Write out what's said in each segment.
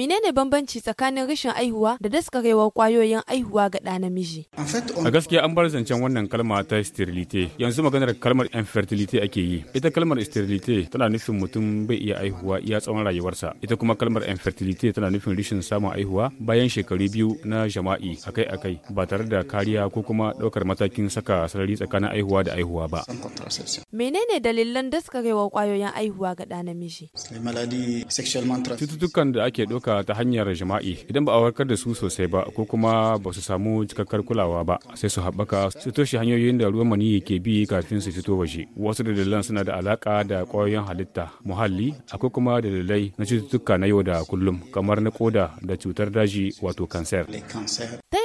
Menene bambanci tsakanin rashin aihuwa da daskarewar kwayoyin aihuwa ga ɗa namiji? A gaskiya an bar zancen wannan kalma ta sterilite. Yanzu maganar kalmar infertility ake yi. Ita kalmar sterilite tana nufin mutum bai iya aihuwa iya tsawon rayuwarsa. Ita kuma kalmar infertility tana nufin rashin samun aihuwa bayan shekaru biyu na jama'i akai-akai ba tare da kariya ko kuma ɗaukar matakin saka sarari tsakanin aihuwa da aihuwa ba. Menene dalilan daskarewar kwayoyin aihuwa ga ɗa namiji? Cututtukan da ake ɗauka haka ta hanyar jima'i idan ba a warkar da su sosai ba ko kuma ba su samu cikakkar kulawa ba sai su haɓaka su toshe hanyoyin da ruwan maniyyi ke bi kafin su fito waje wasu dalilan suna da alaka da ƙwayoyin halitta muhalli akwai kuma dalilai na cututtuka na yau da kullum kamar na koda da cutar daji wato kansar.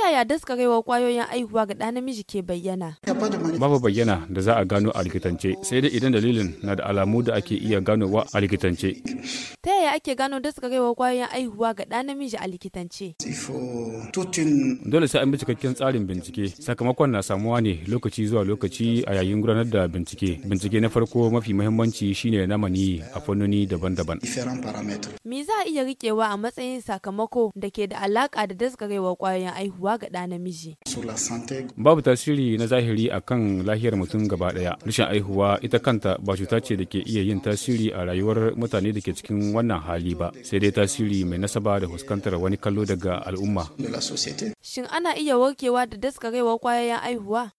yaya daskarewar kwayoyin aihuwa ga ɗa namiji ke bayyana? Babu bayyana da za a gano a likitance sai dai idan dalilin na da alamu da ake iya ganowa a likitance. Ta yaya ake gano daskarewar kwayoyin aihuwa ga ɗa namiji a likitance? Dole sai an bi cikakken tsarin bincike sakamakon na samuwa ne lokaci zuwa lokaci a yayin gudanar da bincike. Bincike na farko mafi muhimmanci shine na maniyi a fannoni daban-daban. Me za a iya riƙewa a matsayin sakamako da ke da alaƙa da daskarewar kwayoyin aihuwa ga ɗa namiji. Babu tasiri na zahiri a kan lahiyar mutum gaba ɗaya. Rashin haihuwa ita kanta ba cuta ce da ke iya yin tasiri a rayuwar mutane da ke cikin wannan hali ba, sai dai tasiri mai nasaba da fuskantar wani kallo daga al'umma. Shin ana iya warkewa da daskarewar kwayoyin haihuwa?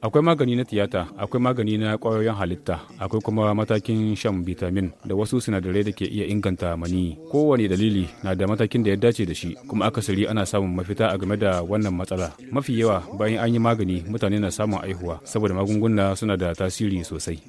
Akwai magani na tiyata, akwai magani na kwayoyin halitta, akwai kuma matakin shan bitamin da wasu sinadarai da ke iya inganta mani. Kowane dalili na da matakin da ya dace da shi, kuma akasari ana ana samun mafita a game da wannan matsala mafi yawa bayan an yi magani mutane na samun aihuwa saboda magunguna suna da tasiri sosai